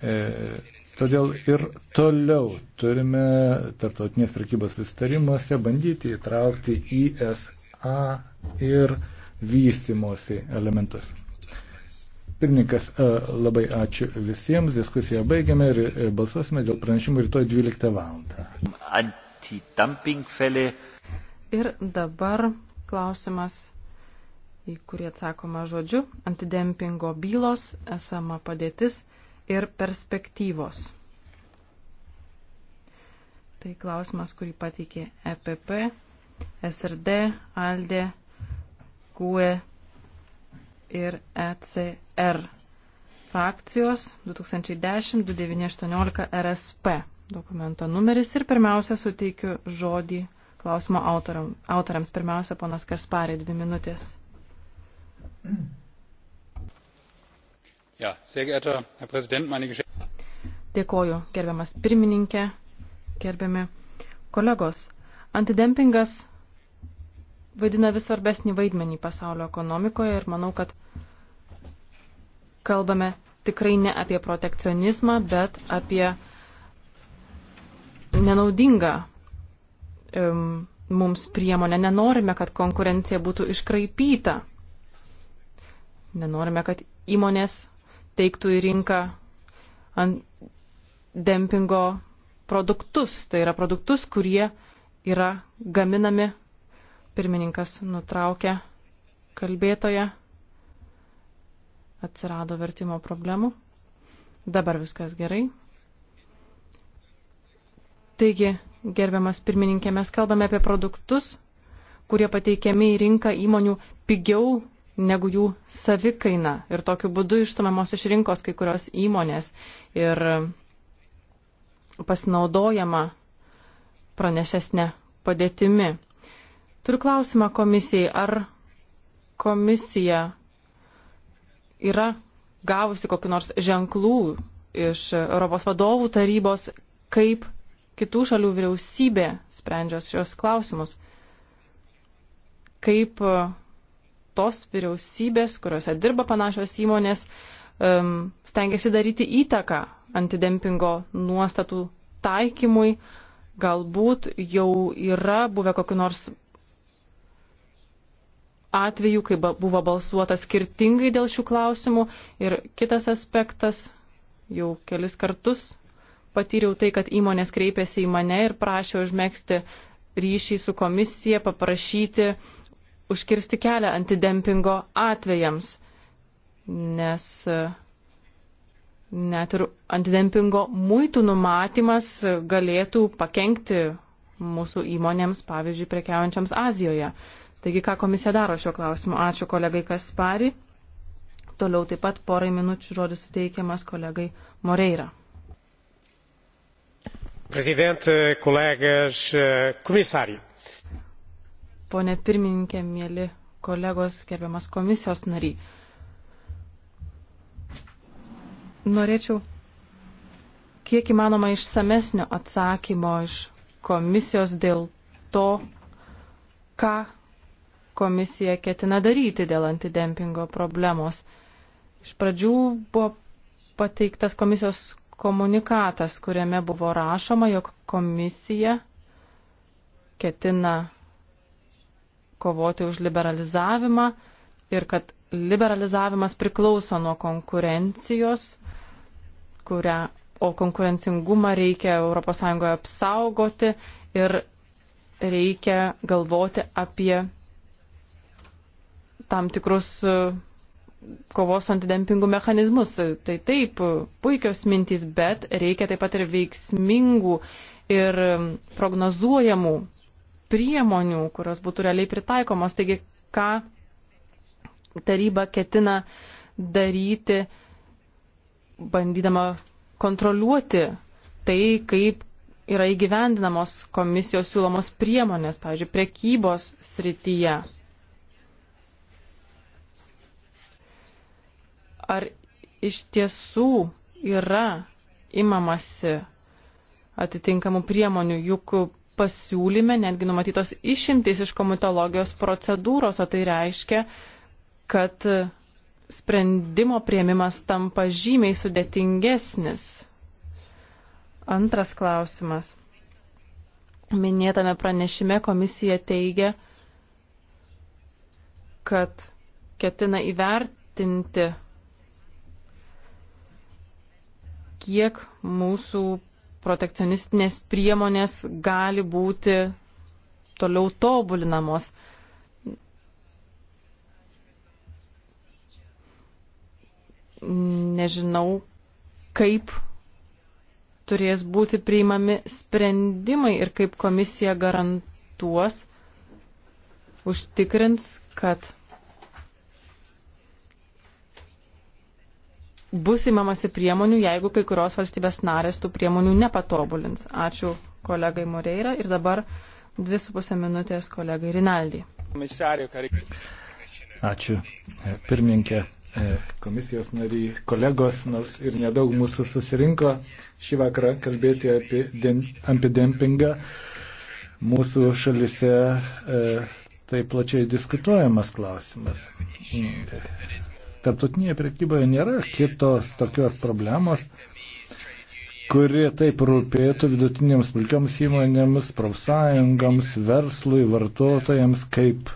E, todėl ir toliau turime tarptautinės prekybos sustarimuose bandyti įtraukti ISA e ir vystimosi elementus. Pirmininkas, e, labai ačiū visiems, diskusiją baigiame ir balsuosime dėl pranešimų rytoj 12 val. Ir dabar klausimas į kurį atsakoma žodžiu, antidempingo bylos, esama padėtis ir perspektyvos. Tai klausimas, kurį pateikė EPP, SRD, ALDE, GUE ir ECR frakcijos 2010-2918 RSP dokumento numeris ir pirmiausia suteikiu žodį klausimo autoram, autoriams. Pirmiausia, ponas Kasparė, dvi minutės. Mm. Ja, sehr geehrter Herr Präsident, meine Geschäfte. Dėkoju, gerbiamas pirmininkė, gerbiami kolegos. Antidempingas vaidina vis svarbesnį vaidmenį pasaulio ekonomikoje ir manau, kad kalbame tikrai ne apie protekcionizmą, bet apie nenaudingą um, mums priemonę. Nenorime, kad konkurencija būtų iškraipyta. Nenorime, kad įmonės teiktų į rinką ant dempingo produktus, tai yra produktus, kurie yra gaminami. Pirmininkas nutraukė kalbėtoje, atsirado vertimo problemų. Dabar viskas gerai. Taigi, gerbiamas pirmininkė, mes kalbame apie produktus, kurie pateikiami į rinką įmonių pigiau negu jų savikaina. Ir tokiu būdu išstumiamos iš rinkos kai kurios įmonės ir pasinaudojama pranešesnė padėtimi. Turiu klausimą komisijai, ar komisija yra gavusi kokiu nors ženklų iš Europos vadovų tarybos, kaip kitų šalių vyriausybė sprendžios šios klausimus, kaip tos vyriausybės, kuriuose dirba panašios įmonės, um, stengiasi daryti įtaką antidempingo nuostatų taikymui. Galbūt jau yra buvę kokiu nors atveju, kai buvo balsuota skirtingai dėl šių klausimų. Ir kitas aspektas, jau kelis kartus patyriau tai, kad įmonės kreipėsi į mane ir prašė užmėgsti ryšį su komisija, paprašyti uh, užkirsti kelią antidempingo atvejams, nes e, net ir antidempingo muitų numatymas galėtų pakengti mūsų įmonėms, pavyzdžiui, prekiaujančiams Azijoje. Taigi, ką komisija daro šiuo klausimu? Ačiū kolegai Kaspari. Toliau taip pat porai minučių žodis suteikiamas kolegai Moreira. Presidente, kolegas, komisarijai ponė pirmininkė, mėly kolegos, gerbiamas komisijos nariai. Norėčiau kiek įmanoma išsamesnio atsakymo iš komisijos dėl to, ką komisija ketina daryti dėl antidempingo problemos. Iš pradžių buvo pateiktas komisijos komunikatas, kuriame buvo rašoma, jog komisija ketina kovoti už liberalizavimą ir kad liberalizavimas priklauso nuo konkurencijos, kurią, o konkurencingumą reikia ES apsaugoti ir reikia galvoti apie tam tikrus e, kovos antidempingų mechanizmus. Tai taip, puikios mintys, bet reikia taip pat ir veiksmingų ir e, prognozuojamų priemonių, kurios būtų realiai pritaikomos. Taigi, ką taryba ketina daryti, bandydama kontroliuoti tai, kaip yra įgyvendinamos komisijos siūlomos priemonės, pavyzdžiui, prekybos srityje. Ar iš tiesų yra imamasi atitinkamų priemonių, juk pasiūlyme netgi numatytos išimtys iš komitologijos procedūros, o tai reiškia, kad sprendimo prieimimas tampa žymiai sudėtingesnis. Antras klausimas. Minėtame pranešime komisija teigia, kad ketina įvertinti, kiek mūsų protekcionistinės priemonės gali būti toliau tobulinamos. Nežinau, kaip turės būti priimami sprendimai ir kaip komisija garantuos, užtikrins, kad bus įmamasi priemonių, jeigu kai kurios valstybės narės tų priemonių nepatobulins. Ačiū kolegai Moreira ir dabar dvi su pusė minutės kolegai Rinaldi. Ačiū. E, pirmininkė, e, komisijos nariai, kolegos, nors ir nedaug mūsų susirinko šį vakarą kalbėti apie, dem, apie dempingą. Mūsų šalise e, tai plačiai diskutuojamas klausimas. Mm. Tarptautinėje prekyboje nėra kitos tokios problemos, kuri taip rūpėtų vidutinėms smulkioms įmonėms, profsąjungams, verslui, vartotojams kaip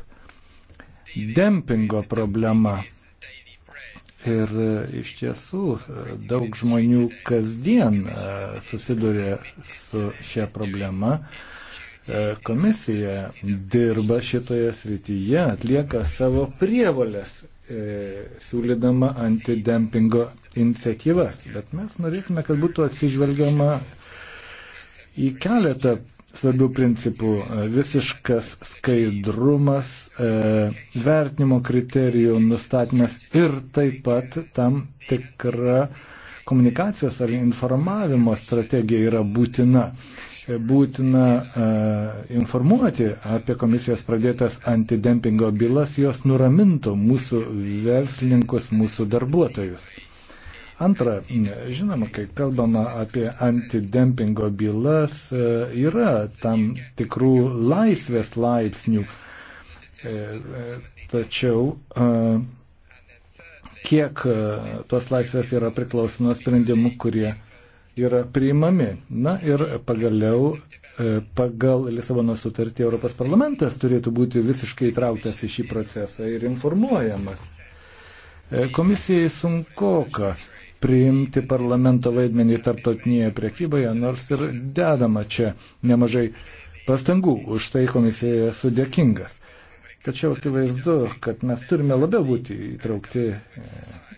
dempingo problema. Ir e, iš tiesų e, daug žmonių kasdien e, susiduria su šia problema. Komisija dirba šitoje srityje, atlieka savo prievolės E, siūlydama antidempingo iniciatyvas, bet mes norėtume, kad būtų atsižvelgiama į keletą svarbių principų e, - visiškas skaidrumas, e, vertinimo kriterijų nustatymas ir taip pat tam tikra komunikacijos ar informavimo strategija yra būtina. E, būtina e, informuoti apie komisijos pradėtas antidempingo bylas, jos nuramintų mūsų verslininkus, mūsų darbuotojus. Antra, žinoma, kai kalbama apie antidempingo bylas, e, yra tam tikrų laisvės laipsnių. Tačiau kiek tos laisvės yra priklausomos sprendimų, kurie yra priimami. Na ir pagaliau e, pagal Lisabono sutartį Europos parlamentas turėtų būti visiškai įtrauktas į šį procesą ir informuojamas. E, komisijai sunkoka priimti parlamento vaidmenį tarptautinėje prekyboje, nors ir dedama čia nemažai pastangų. Už tai komisija esu dėkingas. Tačiau akivaizdu, kad mes turime labiau būti įtraukti e,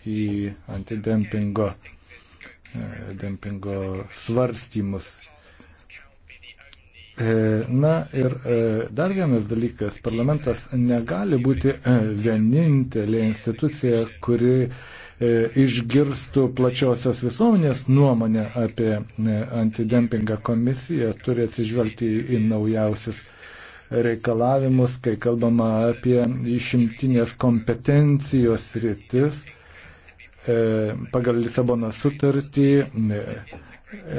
į antidempingo dempingo svarstymus. E, na ir e, dar vienas dalykas, parlamentas negali būti e, vienintelė institucija, kuri išgirstų plačiosios visuomenės nuomonę apie antidempingą komisiją, turi atsižvelgti į naujausius reikalavimus, kai kalbama apie išimtinės kompetencijos rytis E, pagal Lisabono sutartį e,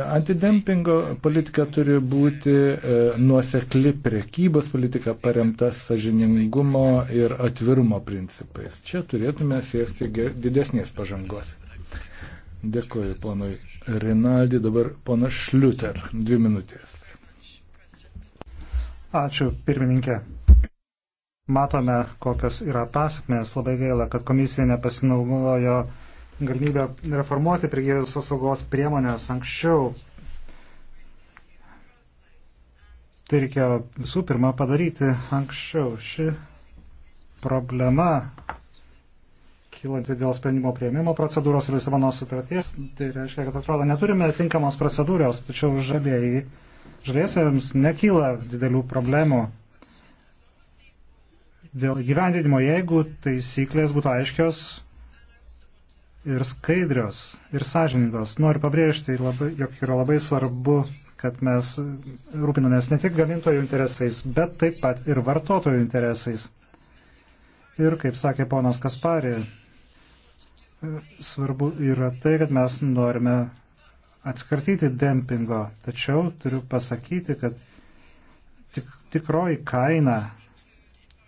antidempingo politika turi būti e, nuosekli priekybos politika paremta sažiningumo ir atvirumo principais. Čia turėtume siekti didesnės pažangos. Dėkuoju ponui Rinaldi, dabar ponas Šliuter, dvi minutės. Ačiū, pirmininkė. Matome, kokios yra pasakmės. Labai gaila, kad komisija nepasinaudojo uh, galimybę reformuoti prigėrės apsaugos priemonės anksčiau. Tai reikėjo visų pirma padaryti anksčiau. Ši problema kylanti dėl sprendimo prieimimo procedūros ir Lisabono sutarties. Tai reiškia, kad atrodo neturime tinkamos procedūros, tačiau žalieji, žaliesiams nekyla didelių problemų dėl gyvendinimo, jeigu taisyklės būtų aiškios ir skaidrios, ir sąžiningos. Noriu pabrėžti, labai, jog yra labai svarbu, kad mes rūpinamės ne tik gamintojų interesais, bet taip pat ir vartotojų interesais. Ir, kaip sakė ponas Kasparė, svarbu yra tai, kad mes norime atskartyti dempingo. Tačiau turiu pasakyti, kad tik, tikroji kaina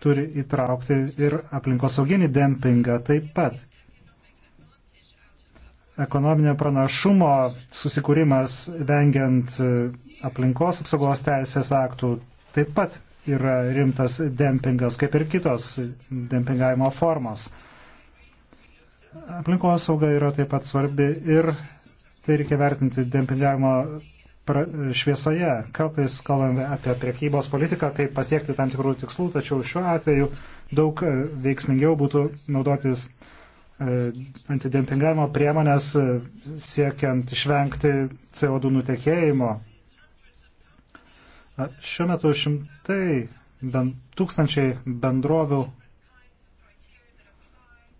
turi įtraukti ir aplinkosauginį dempingą taip pat ekonominio pranašumo susikūrimas vengiant e, aplinkos apsaugos teisės aktų taip pat yra rimtas dempingas, kaip ir kitos dempingavimo formos. Aplinkos sauga yra taip pat svarbi ir tai reikia vertinti dempingavimo šviesoje. Kartais kalbame apie priekybos politiką, kaip pasiekti tam tikrų tikslų, tačiau šiuo atveju daug e, veiksmingiau būtų naudotis E, antidempingavimo priemonės e, siekiant išvengti CO2 nutekėjimo. Šiuo metu šimtai, ben, tūkstančiai bendrovių,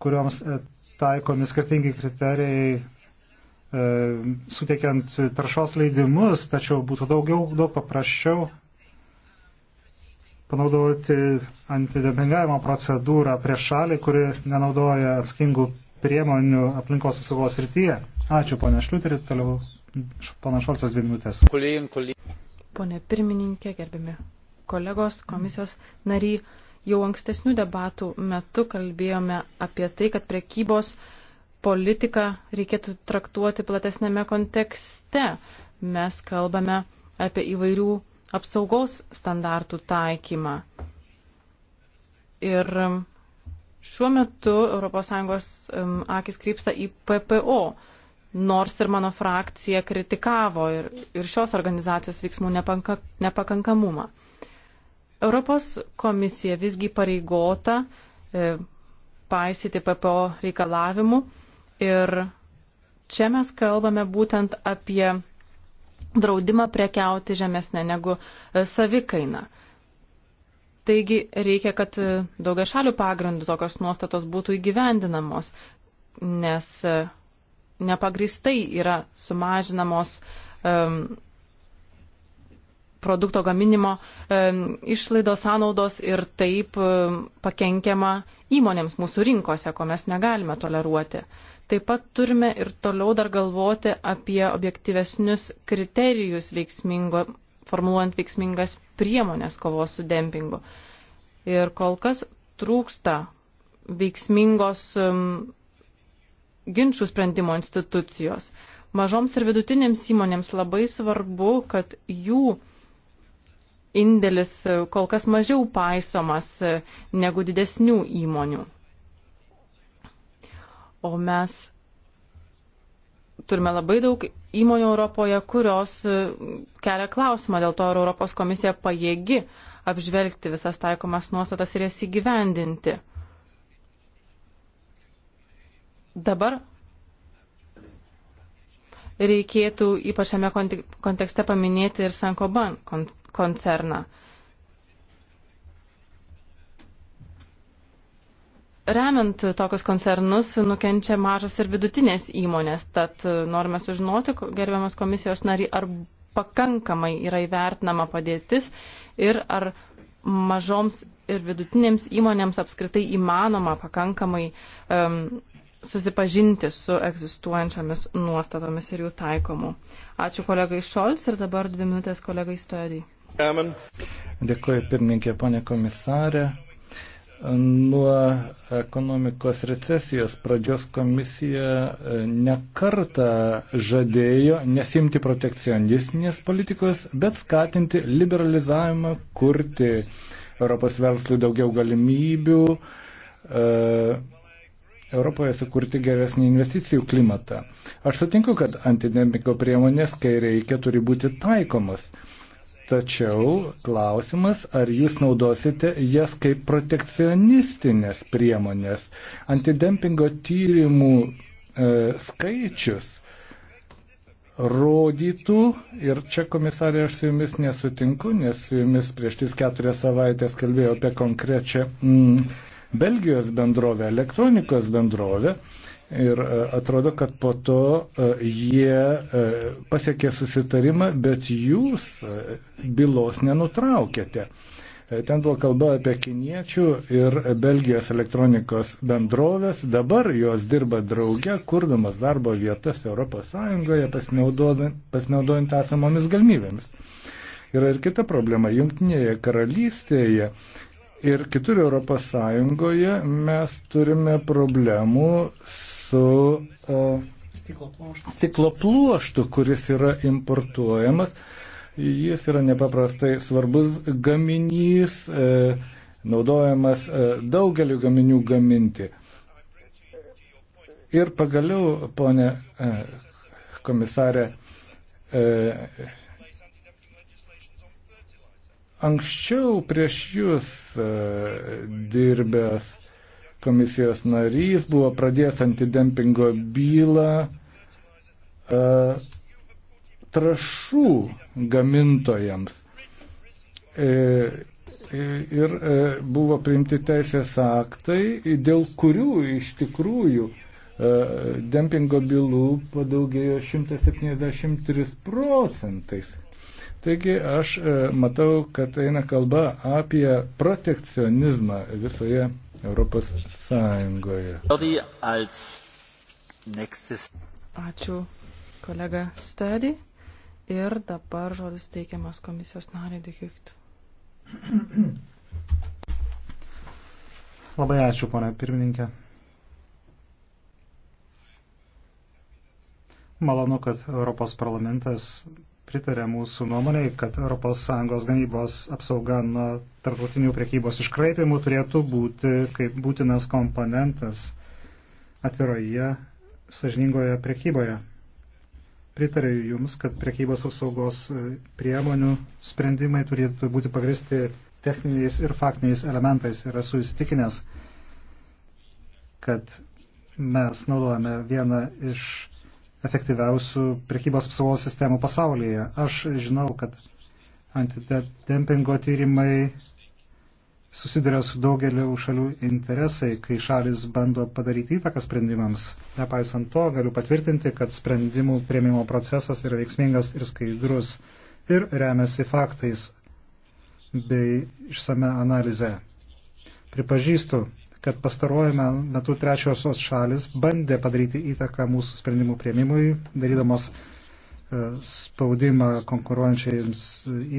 kurioms e, taikomi skirtingi kriterijai, e, suteikiant taršos leidimus, tačiau būtų daugiau, daug paprasčiau panaudoti antidempingavimo procedūrą prieš šalį, kuri nenaudoja atskingų priemonių aplinkos apsaugos rytyje. Ačiū, ponia Šliuterį, toliau pana Šolcas dvi minutės. Pone pirmininkė, gerbimi kolegos, komisijos nariai, jau ankstesnių debatų metu kalbėjome apie tai, kad prekybos politiką reikėtų traktuoti platesnėme kontekste. Mes kalbame apie įvairių apsaugos standartų taikymą. Ir šiuo metu ES akis krypsta į PPO, nors ir mano frakcija kritikavo ir, ir šios organizacijos veiksmų nepanka, nepakankamumą. Europos komisija visgi pareigota e, paisyti PPO reikalavimų ir čia mes kalbame būtent apie draudimą prekiauti žemesnę negu e, savikaina. Taigi reikia, kad e, daugia šalių pagrindų tokios nuostatos būtų įgyvendinamos, nes e, nepagristai yra sumažinamos um, produkto gaminimo um, išlaidos sąnaudos ir taip um, pakenkiama įmonėms mūsų rinkose, ko mes negalime toleruoti. Taip pat turime ir toliau dar galvoti apie objektyvesnius kriterijus veiksmingo, formuluojant veiksmingas priemonės kovos su dempingu. Ir kol kas trūksta veiksmingos um, ginčių sprendimo institucijos. Mažoms ir vidutinėms įmonėms labai svarbu, kad jų indėlis uh, kol kas mažiau paisomas uh, negu didesnių įmonių o mes turime labai daug įmonių Europoje, kurios e, kelia klausimą dėl to, ar Europos komisija pajėgi apžvelgti visas taikomas nuostatas ir jas įgyvendinti. Dabar reikėtų ypač šiame kontekste paminėti ir Sankoban koncerną. remiant tokius koncernus nukenčia mažos ir vidutinės įmonės. Tad e, norime sužinoti, gerbiamas komisijos nariai, ar pakankamai yra įvertinama padėtis ir ar mažoms ir vidutinėms įmonėms apskritai įmanoma pakankamai um, susipažinti su egzistuojančiomis nuostatomis ir jų taikomu. Ačiū kolegai Šolts ir dabar dvi minutės kolegai Stojadai. Dėkuoju pirmininkė, ponė komisarė. Nuo ekonomikos recesijos pradžios komisija e, nekarta žadėjo nesimti protekcionistinės politikos, bet skatinti liberalizavimą, kurti Europos verslui daugiau galimybių, e, Europoje sukurti geresnį investicijų klimatą. Aš sutinku, kad antidemiko priemonės, kai reikia, turi būti taikomas. Tačiau klausimas, ar jūs naudosite jas kaip protekcionistinės priemonės. Antidempingo tyrimų e, skaičius rodytų, ir čia komisarė aš su jumis nesutinku, nes su jumis prieš tris keturias savaitės kalbėjau apie konkrečią mm, Belgijos bendrovę, elektronikos bendrovę, Ir e, atrodo, kad po to e, jie e, pasiekė susitarimą, bet jūs bylos nenutraukėte. Ten buvo kalba apie kiniečių ir Belgijos elektronikos bendrovės. Dabar jos dirba drauge, kurdamas darbo vietas ES, pasinaudojant, pasinaudojant esamomis galimybėmis. Yra ir kita problema. Junktinėje karalystėje ir kitur ES mes turime problemų su su uh, stiklo pluoštu, kuris yra importuojamas. Jis yra nepaprastai svarbus gaminys, uh, naudojamas uh, daugeliu gaminių gaminti. Ir pagaliau, ponė uh, komisarė, uh, anksčiau prieš jūs dirbęs komisijos narys buvo pradėjęs antidempingo bylą e, trašų gamintojams. E, e, ir e, buvo priimti teisės aktai, dėl kurių iš tikrųjų e, dempingo bylų padaugėjo 173 procentais. Taigi aš e, matau, kad eina kalba apie protekcionizmą visoje Europos Sąjungoje. Ačiū kolega Stadi. Ir dabar žodis teikiamas komisijos nariai Dekiukt. Labai ačiū, ponė pirmininkė. Malonu, kad Europos parlamentas pritarė mūsų nuomonėje, kad ES gamybos apsauga nuo tarptautinių priekybos iškraipimų turėtų būti kaip būtinas komponentas atviroje, sažiningoje priekyboje. Pritariu Jums, kad priekybos apsaugos priemonių sprendimai turėtų būti pagristi techniniais ir faktiniais elementais ir esu įsitikinęs, kad mes naudojame vieną iš efektyviausių priekybos apsaugos sistemų pasaulyje. Aš žinau, kad antidempingo tyrimai susiduria su daugeliu šalių interesai, kai šalis bando padaryti įtaką sprendimams. Nepaisant to, galiu patvirtinti, kad sprendimų prieimimo procesas yra veiksmingas ir skaidrus ir remiasi faktais bei išsame analize. Pripažįstu, kad pastarojame metu trečiosios šalis bandė padaryti įtaką mūsų sprendimų prieimimui, darydamos e, spaudimą konkuruojančiams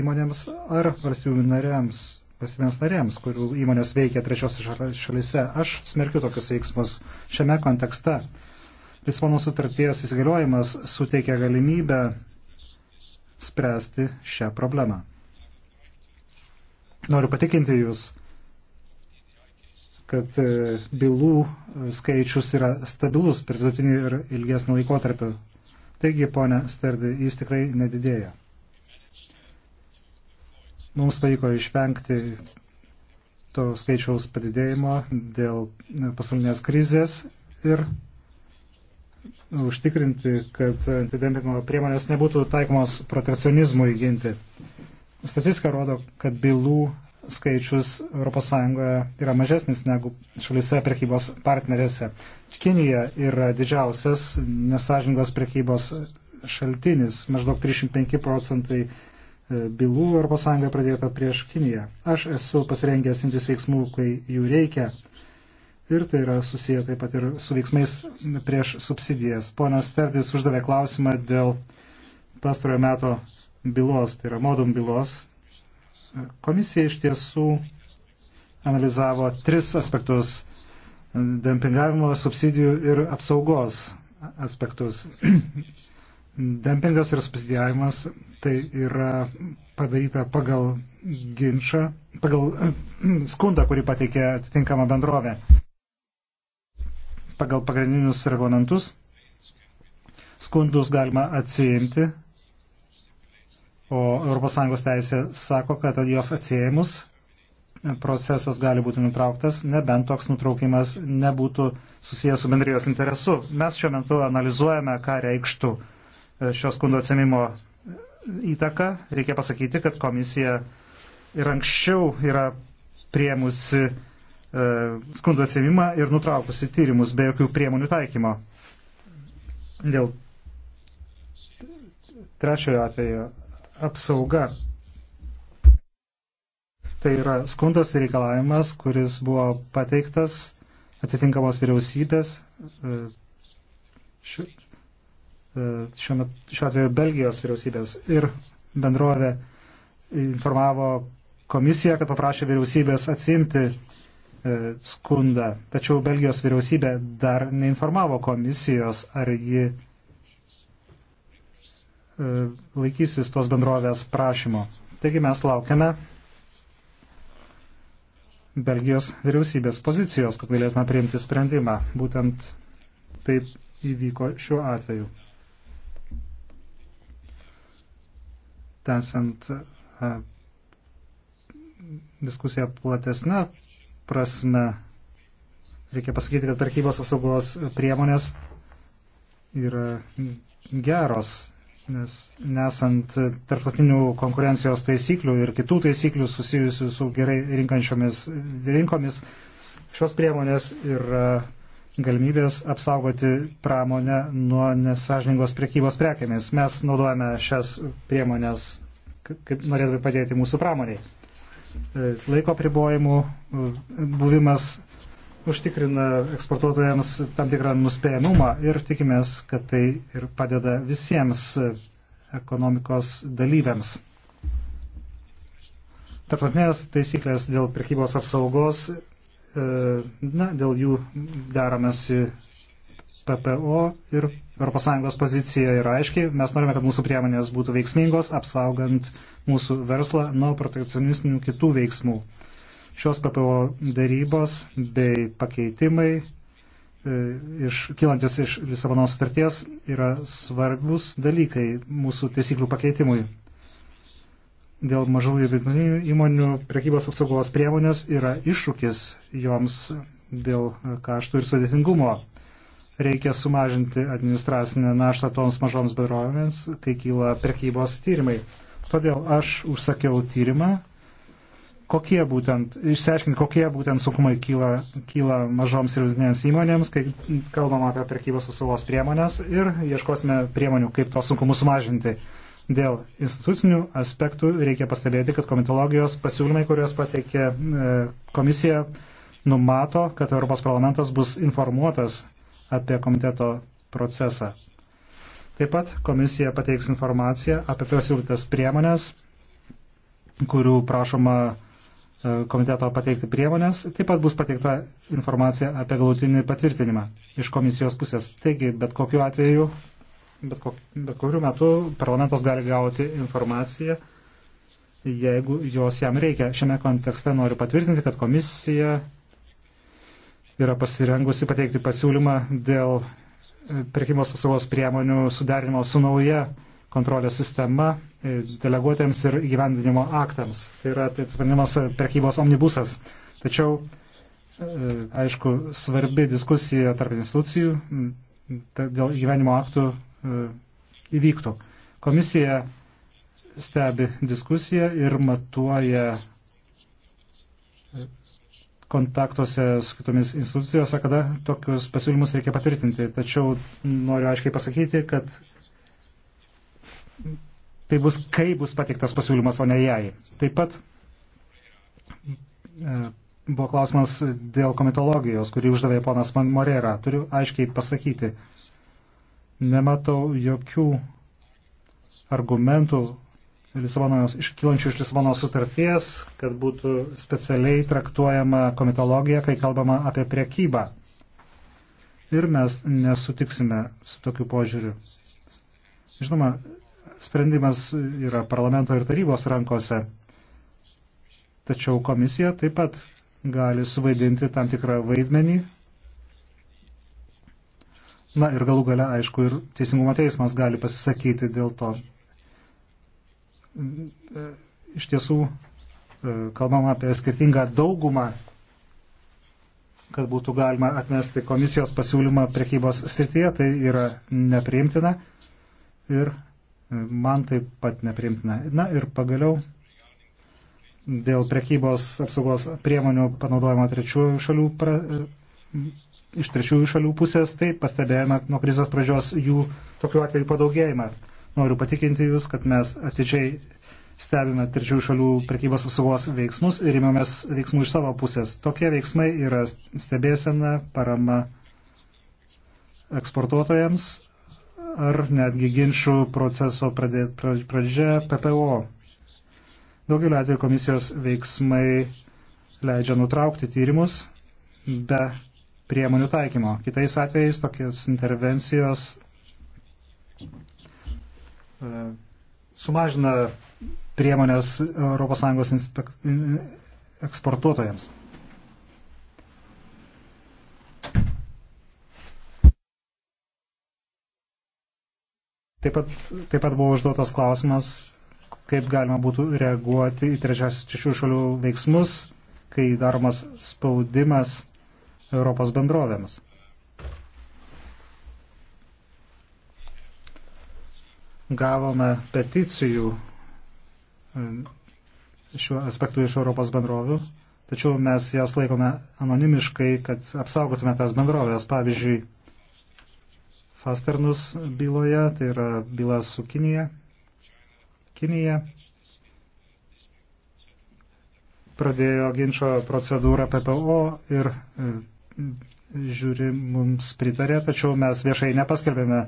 įmonėms ar valstybių narėms, valstybėms narėms, kurių įmonės veikia trečiosios šalise. Aš smerkiu tokius veiksmus šiame kontekste. Lisbono sutarties įsigaliojimas suteikia galimybę spręsti šią problemą. Noriu patikinti Jūs, kad e, bylų e, skaičius yra stabilus per vidutinį ir ilgesnį laikotarpį. Taigi, ponė Sterdi, jis tikrai nedidėja. Mums pavyko išvengti to skaičiaus padidėjimo dėl pasaulinės krizės ir užtikrinti, kad antidempingo priemonės nebūtų taikomos protekcionizmui ginti. Statistika rodo, kad bylų skaičius ES yra mažesnis negu šalise prekybos partnerėse. Kinija yra didžiausias nesažingos prekybos šaltinis, maždaug 35 procentai e, bylų ES pradėta prieš Kiniją. Aš esu pasirengęs imtis veiksmų, kai jų reikia. Ir tai yra susiję taip pat ir su veiksmais prieš subsidijas. Ponas Sterdis uždavė klausimą dėl pastarojo meto bylos, tai yra modum bylos Komisija iš tiesų analizavo tris aspektus - dempingavimo, subsidijų ir apsaugos aspektus. Dempingas ir subsidijavimas tai yra padaryta pagal ginčą, pagal skundą, kurį pateikė atitinkama bendrovė. Pagal pagrindinius reglamentus skundus galima atsiimti O ES teisė sako, kad jos atsiejimus procesas gali būti nutrauktas, nebent toks nutraukimas nebūtų susijęs su bendrijos interesu. Mes šiuo metu analizuojame, ką reikštų e, šios skundo atsimimo įtaka. Reikia pasakyti, kad komisija ir anksčiau yra priemusi e, skundo atsimimą ir nutraukusi tyrimus be jokių priemonių taikymo. Dėl trečiojo atvejo apsauga. Tai yra skundas ir reikalavimas, kuris buvo pateiktas atitinkamos vyriausybės, e, e, šiuo, šiuo atveju Belgijos vyriausybės ir bendrovė informavo komisiją, kad paprašė vyriausybės atsimti e, skundą. Tačiau Belgijos vyriausybė dar neinformavo komisijos, ar ji E, laikysis tos bendrovės prašymo. Taigi mes laukiame Belgijos vyriausybės pozicijos, kad galėtume priimti sprendimą. Būtent taip įvyko šiuo atveju. Tęsiant e, diskusiją platesnę prasme, reikia pasakyti, kad tarkybos apsaugos priemonės yra geros nes nesant tarptautinių konkurencijos taisyklių ir kitų taisyklių susijusių su gerai rinkančiomis rinkomis, šios priemonės yra galimybės apsaugoti pramonę nuo nesažiningos priekybos prekėmis. Mes naudojame šias priemonės, kaip norėtume padėti mūsų pramoniai. E, laiko pribojimų e, buvimas užtikrina eksportuotojams tam tikrą nuspėjamumą ir tikimės, kad tai ir padeda visiems ekonomikos dalyviams. Tarptautinės taisyklės dėl prekybos apsaugos, e, na, dėl jų deramasi PPO ir ES pozicija yra aiškiai. Mes norime, kad mūsų priemonės būtų veiksmingos, apsaugant mūsų verslą nuo protekcionistinių kitų veiksmų. Šios PPO darybos bei pakeitimai e, iš, kilantis iš Lisabonos sutarties yra svarbus dalykai mūsų taisyklių pakeitimui. Dėl mažųjų vidutinių įmonių prekybos apsaugos priemonės yra iššūkis joms dėl kaštų ir sudėtingumo. Reikia sumažinti administracinę naštą toms mažoms bendrovėms, kai kyla prekybos tyrimai. Todėl aš užsakiau tyrimą kokie būtent, išsiaiškinti, kokie būtent sunkumai kyla, kyla mažoms ir vidutinėms įmonėms, kai kalbam apie prekybos apsaugos priemonės ir ieškosime priemonių, kaip tos sunkumus sumažinti. Dėl institucinių aspektų reikia pastebėti, kad komitologijos pasiūlymai, kuriuos pateikė e, komisija, numato, kad Europos parlamentas bus informuotas apie komiteto procesą. Taip pat komisija pateiks informaciją apie pasiūlytas priemonės, kurių prašoma E, komiteto pateikti priemonės, taip pat bus pateikta informacija apie galutinį patvirtinimą iš komisijos pusės. Taigi, bet kokiu atveju, bet, kok, bet kuriu metu parlamentas gali gauti informaciją, jeigu jos jam reikia. Šiame kontekste noriu patvirtinti, kad komisija yra pasirengusi pateikti pasiūlymą dėl e, prekybos apsaugos priemonių suderinimo su nauja kontrolės sistema e, deleguotėms ir gyvendinimo aktams. Tai yra taip vadinamas prekybos omnibusas. Tačiau, e, aišku, svarbi diskusija tarp institucijų dėl gyvenimo aktų e, įvyktų. Komisija stebi diskusiją ir matuoja kontaktuose su kitomis institucijose, kada tokius pasiūlymus reikia patvirtinti. Tačiau noriu aiškiai pasakyti, kad tai bus, kai bus pateiktas pasiūlymas, o ne jai. Taip pat e, buvo klausimas dėl komitologijos, kurį uždavė ponas Morera. Turiu aiškiai pasakyti, nematau jokių argumentų iškylančių iš Lisabono sutarties, kad būtų specialiai traktuojama komitologija, kai kalbama apie priekybą. Ir mes nesutiksime su tokiu požiūriu. Žinoma, sprendimas yra parlamento ir tarybos rankose. Tačiau komisija taip pat gali suvaidinti tam tikrą vaidmenį. Na ir galų gale, aišku, ir Teisingumo teismas gali pasisakyti dėl to. Iš tiesų, e, kalbam apie skirtingą daugumą, kad būtų galima atmesti komisijos pasiūlymą prekybos srityje, tai yra nepriimtina ir man taip pat neprimtina. Na ir pagaliau dėl prekybos apsaugos priemonių panaudojimo trečiųjų šalių pra, iš trečiųjų šalių pusės, tai pastebėjome nuo krizės pradžios jų tokių atvejų padaugėjimą. Noriu patikinti Jūs, kad mes atidžiai stebime trečiųjų šalių prekybos apsaugos veiksmus ir imamės veiksmų iš savo pusės. Tokie veiksmai yra stebėsena, parama eksportuotojams, ar netgi ginčių proceso pradžia PPO. Daugeliu atveju komisijos veiksmai leidžia nutraukti tyrimus be priemonių taikymo. Kitais atvejais tokios intervencijos e, sumažina priemonės ES eksportuotojams. Taip pat, taip pat buvo užduotas klausimas, kaip galima būtų reaguoti į trečiasių šalių veiksmus, kai daromas spaudimas Europos bendrovėms. Gavome peticijų šiuo aspektu iš Europos bendrovių, tačiau mes jas laikome anonimiškai, kad apsaugotume tas bendrovės. Pavyzdžiui, Fasternus byloje, tai yra byla su Kinija. Kinija pradėjo ginčio procedūrą PPO ir e, žiūri mums pritarė, tačiau mes viešai nepaskelbėme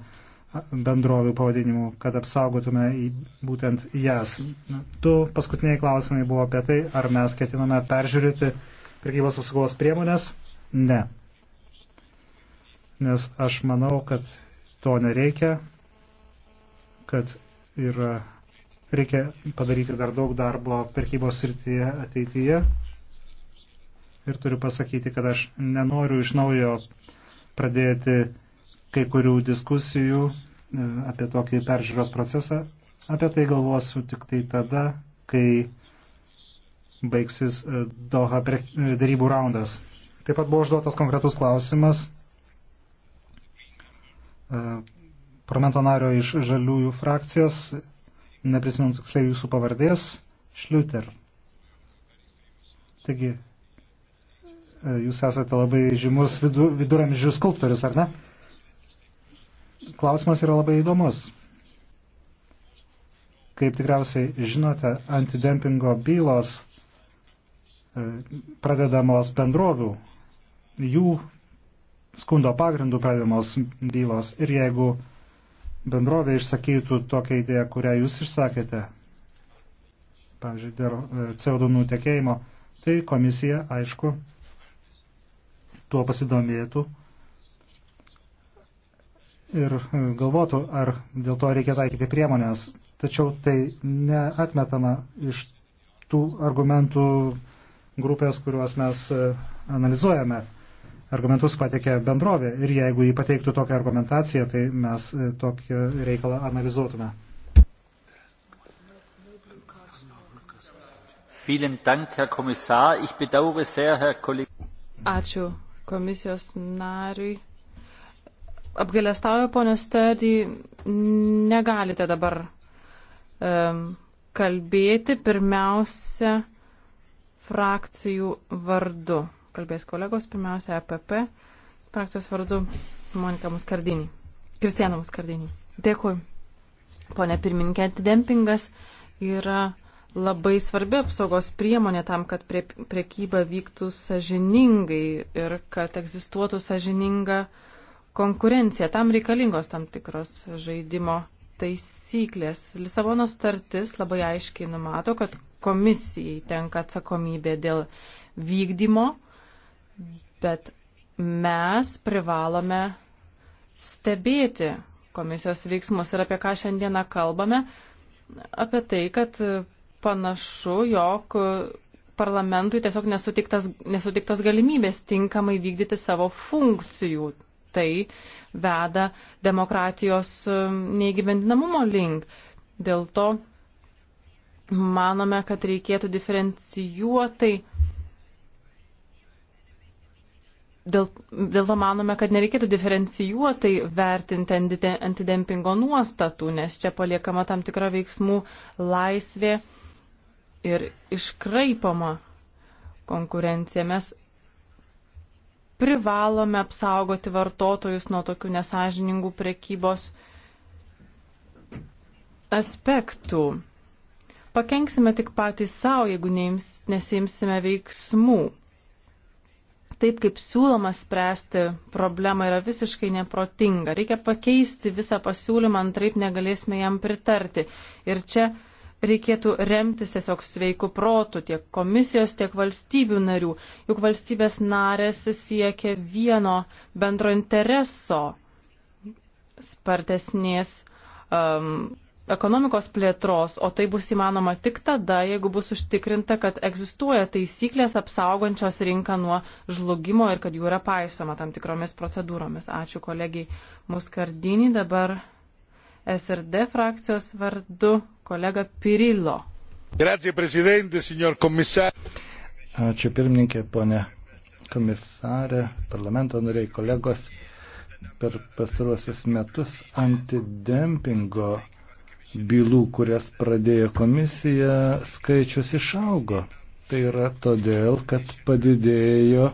bendrovių pavadinimų, kad apsaugotume į, būtent jas. Du paskutiniai klausimai buvo apie tai, ar mes ketiname peržiūrėti prekybos apsaugos priemonės. Ne nes aš manau, kad to nereikia, kad yra, reikia padaryti dar daug darbo perkybos srityje ateityje. Ir turiu pasakyti, kad aš nenoriu iš naujo pradėti kai kurių diskusijų e, apie tokį peržiūros procesą. Apie tai galvosiu tik tai tada, kai baigsis e, Doha e, darybų raundas. Taip pat buvo užduotas konkretus klausimas E, parlamento nario iš žaliųjų frakcijos, neprisimenu tiksliai jūsų pavardės, Šliuter. Taigi, e, jūs esate labai žymus vidu, viduramžių skulptorius, ar ne? Klausimas yra labai įdomus. Kaip tikriausiai žinote, antidempingo bylos e, pradedamos bendrovių, jų skundo pagrindų pradedamos bylos ir jeigu bendrovė išsakytų tokią idėją, kurią jūs išsakėte, pavyzdžiui, dėl e, CO2 nutekėjimo, tai komisija, aišku, tuo pasidomėtų ir e, galvotų, ar dėl to reikia taikyti priemonės. Tačiau tai neatmetama iš tų argumentų grupės, kuriuos mes e, analizuojame argumentus pateikė bendrovė ir jeigu jį pateiktų tokią argumentaciją, tai mes e, tokį reikalą analizuotume. Ačiū komisijos nariui. Apgailestauju, ponė Stedį, negalite dabar um, kalbėti pirmiausia frakcijų vardu kalbės kolegos, pirmiausia, EPP, frakcijos vardu Monika Muskardinį. Kristijana Muskardinį. Dėkui. Pone pirmininkė, antidempingas yra labai svarbi apsaugos priemonė tam, kad prie, priekyba vyktų sažiningai ir kad egzistuotų sažininga konkurencija. Tam reikalingos tam tikros žaidimo taisyklės. Lisabono startis labai aiškiai numato, kad komisijai tenka atsakomybė dėl vykdymo bet mes privalome stebėti komisijos veiksmus ir apie ką šiandieną kalbame, apie tai, kad panašu, jog parlamentui tiesiog nesutiktos galimybės tinkamai vykdyti savo funkcijų. Tai veda demokratijos um, neįgyvendinamumo link. Dėl to manome, kad reikėtų diferencijuotai Dėl, dėl to manome, kad nereikėtų diferencijuotai vertinti antidempingo nuostatų, nes čia paliekama tam tikra veiksmų laisvė ir iškraipama konkurencija. Mes privalome apsaugoti vartotojus nuo tokių nesažiningų prekybos aspektų. Pakenksime tik patys savo, jeigu nesiimsime veiksmų taip, kaip siūloma spręsti problemą, yra visiškai neprotinga. Reikia pakeisti visą pasiūlymą, antraip negalėsime jam pritarti. Ir čia reikėtų remtis tiesiog sveiku protu tiek komisijos, tiek valstybių narių. Juk valstybės narės siekia vieno bendro intereso spartesnės um, ekonomikos plėtros, o tai bus įmanoma tik tada, jeigu bus užtikrinta, kad egzistuoja taisyklės apsaugančios rinką nuo žlugimo ir kad jų yra paisoma tam tikromis procedūromis. Ačiū kolegijai Muskardinį, dabar SRD frakcijos vardu kolega Pirilo. Grazie, prezidentė, signor komisarė. Ačiū pirmininkė, ponė komisarė, parlamento nariai, kolegos. Per pastaruosius metus antidempingo uh, bylų, kurias pradėjo komisija, skaičius išaugo. Tai yra todėl, kad padidėjo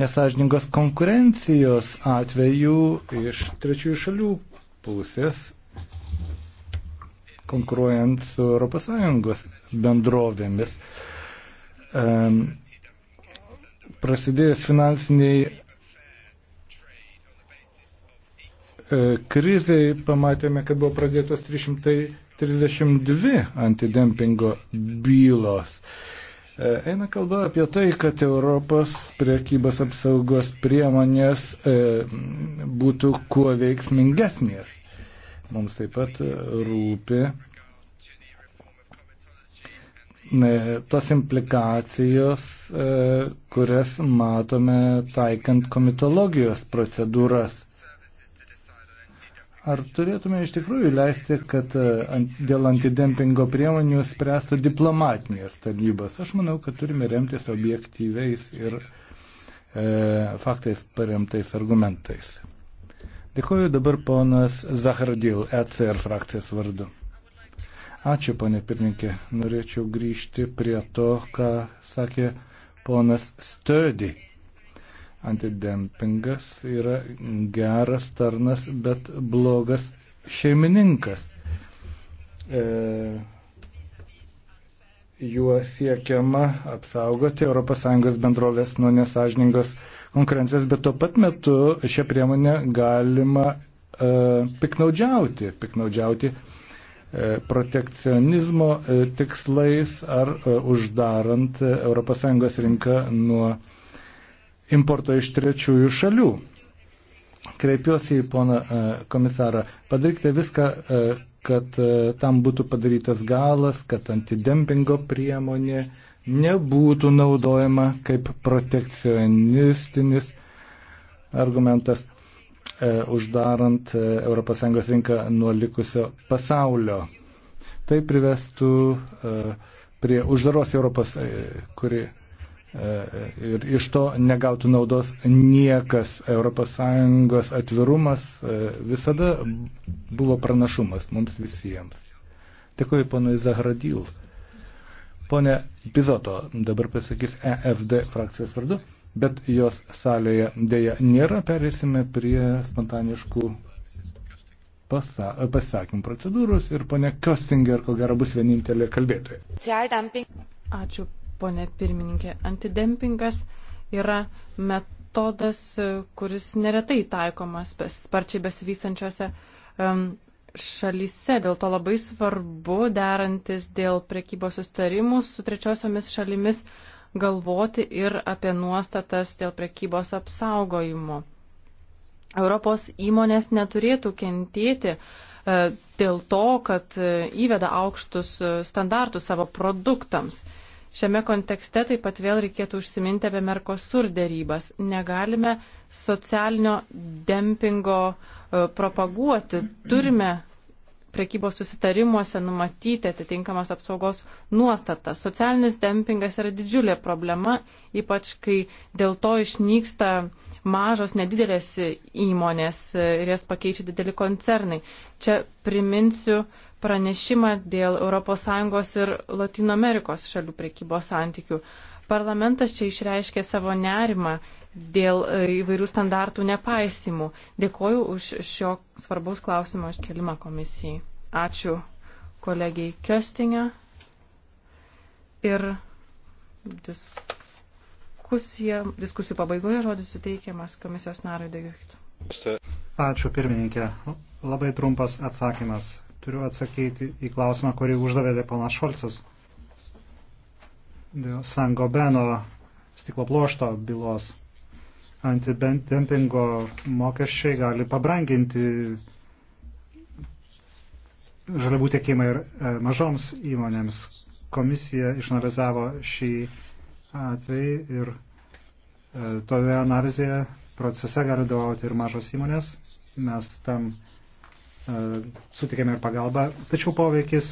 nesažningos konkurencijos atvejų iš trečiųjų šalių pusės, konkuruojant su ES bendrovėmis. Um, prasidėjus finansiniai E, krizai pamatėme, kad buvo pradėtos 332 antidempingo bylos. E, eina kalba apie tai, kad Europos priekybos apsaugos priemonės e, būtų kuo veiksmingesnės. Mums taip pat rūpi tos implikacijos, kurias matome taikant komitologijos procedūras Ar turėtume iš tikrųjų leisti, kad e, dėl antidempingo priemonių spręstų diplomatinės tarnybos? Aš manau, kad turime remtis objektyviais ir e, faktais paremtais argumentais. Dėkuoju dabar ponas Zahardil, ECR frakcijos vardu. Ačiū, ponė pirmininkė. Norėčiau grįžti prie to, ką sakė ponas Sturdy Antidempingas yra geras tarnas, bet blogas šeimininkas. E, juo siekiama apsaugoti ES bendrovės nuo nesažningos konkurencijos, bet tuo pat metu šią priemonę galima e, piknaudžiauti, piknaudžiauti e, protekcionizmo e, tikslais ar e, uždarant e, ES rinką nuo e, importo iš trečiųjų šalių. Kreipiuosi į poną e, komisarą, padarykite viską, e, kad e, tam būtų padarytas galas, kad antidempingo priemonė nebūtų naudojama kaip protekcionistinis argumentas uždarant ES rinką nuo likusio pasaulio. Tai privestų prie uždaros Europos, kuri E, ir iš to negautų naudos niekas. ES atvirumas e, visada buvo pranašumas mums visiems. Dėkuoju ponui Zahradil. Pone Pizoto dabar pasakys EFD frakcijos vardu, bet jos salėje dėja nėra. Perėsime prie spontaniškų pasa, pasakymų procedūros ir ponė Kostinger, ko gero, bus vienintelė kalbėtoja. Ačiū ponė pirmininkė. Antidempingas yra metodas, kuris neretai taikomas sparčiai besivystančiose šalyse. Dėl to labai svarbu, derantis dėl prekybos sustarimų su trečiosiomis šalimis, galvoti ir apie nuostatas dėl prekybos apsaugojimo. Europos įmonės neturėtų kentėti e, dėl to, kad e, įveda aukštus e, standartus savo produktams. Šiame kontekste taip pat vėl reikėtų užsiminti apie Merkosur dėrybas. Negalime socialinio dempingo e, propaguoti. Turime prekybos susitarimuose numatyti atitinkamas apsaugos nuostatas. Socialinis dempingas yra didžiulė problema, ypač kai dėl to išnyksta mažos, nedidelės įmonės e, ir jas pakeičia dideli koncernai. Čia priminsiu pranešimą dėl ES ir Latino Amerikos šalių prekybos santykių. Parlamentas čia išreiškė savo nerimą dėl e, įvairių standartų nepaisimų. Dėkoju už šio svarbaus klausimo iškelimą komisijai. Ačiū kolegijai Köstinė ir diskusija, diskusijų pabaigoje žodis suteikiamas komisijos narui Degiucht. Ačiū pirmininkė. Labai trumpas atsakymas turiu atsakyti į klausimą, kurį uždavėte panas Šolcas dėl Sangobeno stiklo plošto bylos. Antidempingo mokesčiai gali pabranginti žaliavų tiekimą ir e, mažoms įmonėms. Komisija išanalizavo šį atvejį ir e, toje analizėje procese gali dalyvauti ir mažos įmonės. Mes tam E, sutikėme ir pagalbą, tačiau poveikis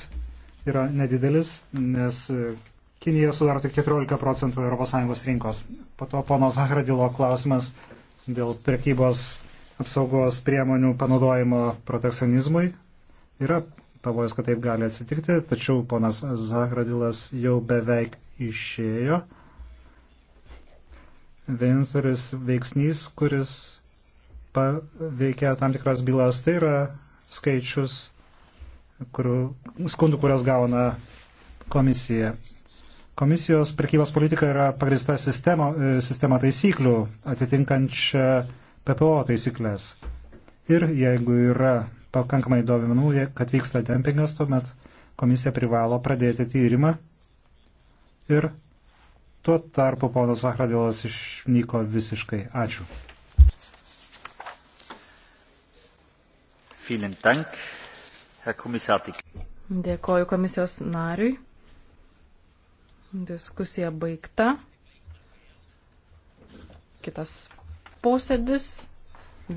yra nedidelis, nes e, Kinija sudaro tik 14 procentų ES rinkos. Po to pono Zahradilo klausimas dėl prekybos apsaugos priemonių panaudojimo protekcionizmui yra pavojus, kad taip gali atsitikti, tačiau ponas Zahradilas jau beveik išėjo. Vienintelis veiksnys, kuris paveikia tam tikras bylas, tai yra skaičius kurių, skundų, kurias gauna komisija. Komisijos prekybos politika yra pagrista sistema, e, sistema taisyklių atitinkančia PPO taisyklės. Ir jeigu yra pakankamai duomenų, kad vyksta dempingas, tuomet komisija privalo pradėti tyrimą. Ir tuo tarpu ponas Ahradilas išnyko visiškai. Ačiū. Dėkoju komisijos nariui. Diskusija baigta. Kitas posėdis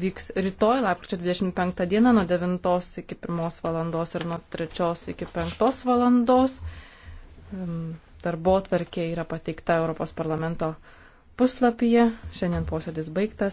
vyks rytoj, lapkričio 25 dieną, nuo 9 iki 1 valandos ir nuo 3 iki 5 valandos. Darbo tvarkė yra pateikta Europos parlamento puslapyje. Šiandien posėdis baigtas.